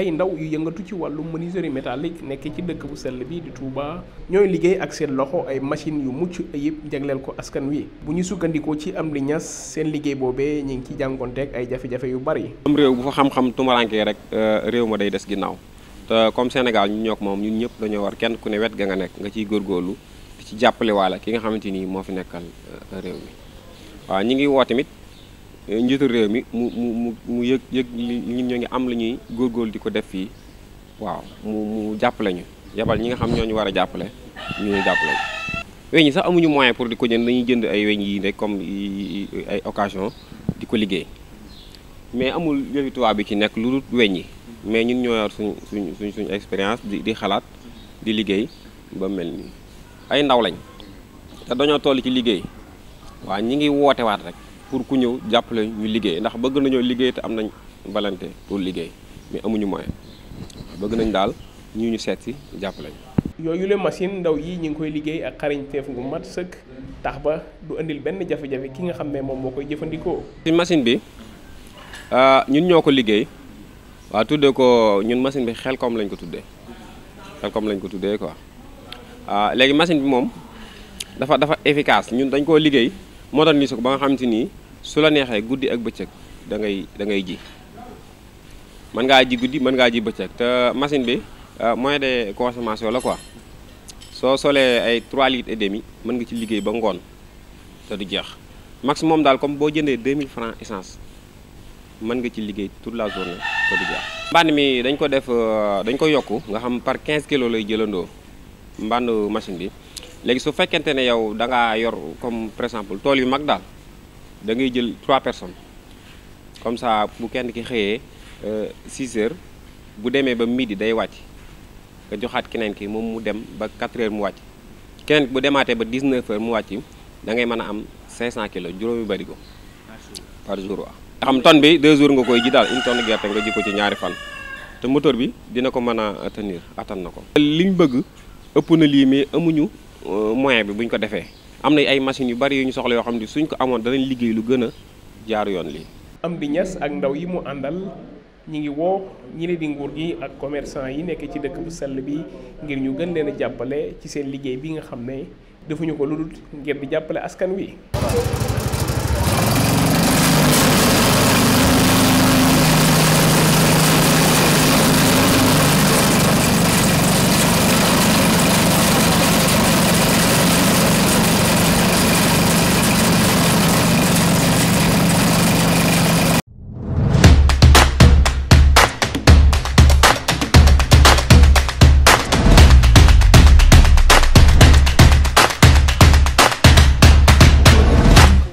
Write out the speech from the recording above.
ay ndaw yu yëngatu ci wàllu menuiserie métallique nekk ci dëkk bu sell bi di Touba ñooy liggéey ak seen loxo ay machines yu mucc ayib jagleel ko askan wi bu ñu sukkandikoo ci am li ñas seen liggéey boobee ñu ngi ci jànkonteeg ay jafe-jafe yu bari. am réew bu fa xam-xam tumarankee rek euh, réew ma day des ginnaaw te comme Sénégal ñun ñoo moom ñu ñëpp dañoo war kenn ku ne wet ga nga nekk nga ciy góorgóorlu ci jàppale ki nga xamante ni moo fi nekkal euh, réew njiitu réew mi mu mu mu mu yëg yëg ñun ñoo ngi am lu ñuy góor di ko def fii waaw mu mu jàppale ñu yabal ñi nga xam ñoo ñu war a jàppale ñu jàppale ñu. sax amuñu moyen pour di ko jënd dañuy jënd ay weñ yi rek comme ay occasion di ko liggéey mais amul yëfi tubaab bi ci nekk lu dul weñ yi mais ñun ñoo yor suñ suñ suñ expérience di di xalaat di liggéey ba mel nii ay ndaw lañ te dañoo tollu ci liggéey waaw ñi ngi woote waat rek. pour ku ñëw jàppale ñu liggéey ndax bëgg nañoo liggéey te am nañ mbalante pour liggéey mais amuñu mooy bëgg nañ daal ñu ñu seet si jàppale yooyu la machine ndaw yi ñu ngi koy liggéey ak xarañteef gu mat sëkk tax ba du indil benn jafe-jafe ki nga xam ne moom moo koy jëfandikoo. ci machine bi ah, ñun ñoo ko liggéey waa tuddee ko ñun machine bi Xelcom lañ ko tuddee Xelcom lañ ko tuddee ko quoi ah, léegi machine bi moom dafa dafa efficace ñun dañ koo liggéey. moderniser ko ba nga xamante ni su la neexee guddi ak bëccëg da ngay da ngay ji mën ngaa ji guddi mën ngaa ji bëccëg te machine bi euh, moyen de consommation la quoi soo solee ay 3 litres et demi mën nga ci liggéey ba ngoon te du jeex maximum daal comme boo jëndee mille francs essence mën nga ci liggéey toute la journée te du jeex. mbànd mi dañ ko def euh, dañ ko yokk nga xam par quinze kilos lay jëlandoo mbàndu machine bi. léegi su fekkente ne yow da ngaa yor comme par exemple tool yu mag daal da ngay jël trois personnes comme ça bu kenn ki xëyee 6 euh, heures bu demee ba midi day wàcc nga joxaat keneen ki moom mu dem ba 4 heures mu wàcc keneen ki bu demaatee ba 19 heures mu wàcc da ngay mën a am 500 kilos juróomi barigo par jour waaw nga xam tonne bi 2 jours nga koy ji daal une tonne gerte nga ji ko ci ñaari fan te moteur bi dina ko mën a tenir attan na ko liñ bëgg ëpp na lii mais amuñu Euh, moyen bi bu ñu ko defee am na ay machines yu bari yu ñu soxla yoo xam ne suñ ko amoon danañ liggéey lu gën a jaar yoon lii. am bi ñas ak ndaw yi mu àndal ñi ngi woo ñi ne di nguur gi ak commerçant yi nekk ci dëkk bu sell bi ngir ñu gën leen a jàppale ci seen liggéey bi nga xam ne defuñu ko lu dul ngir bi jàppale askan wi.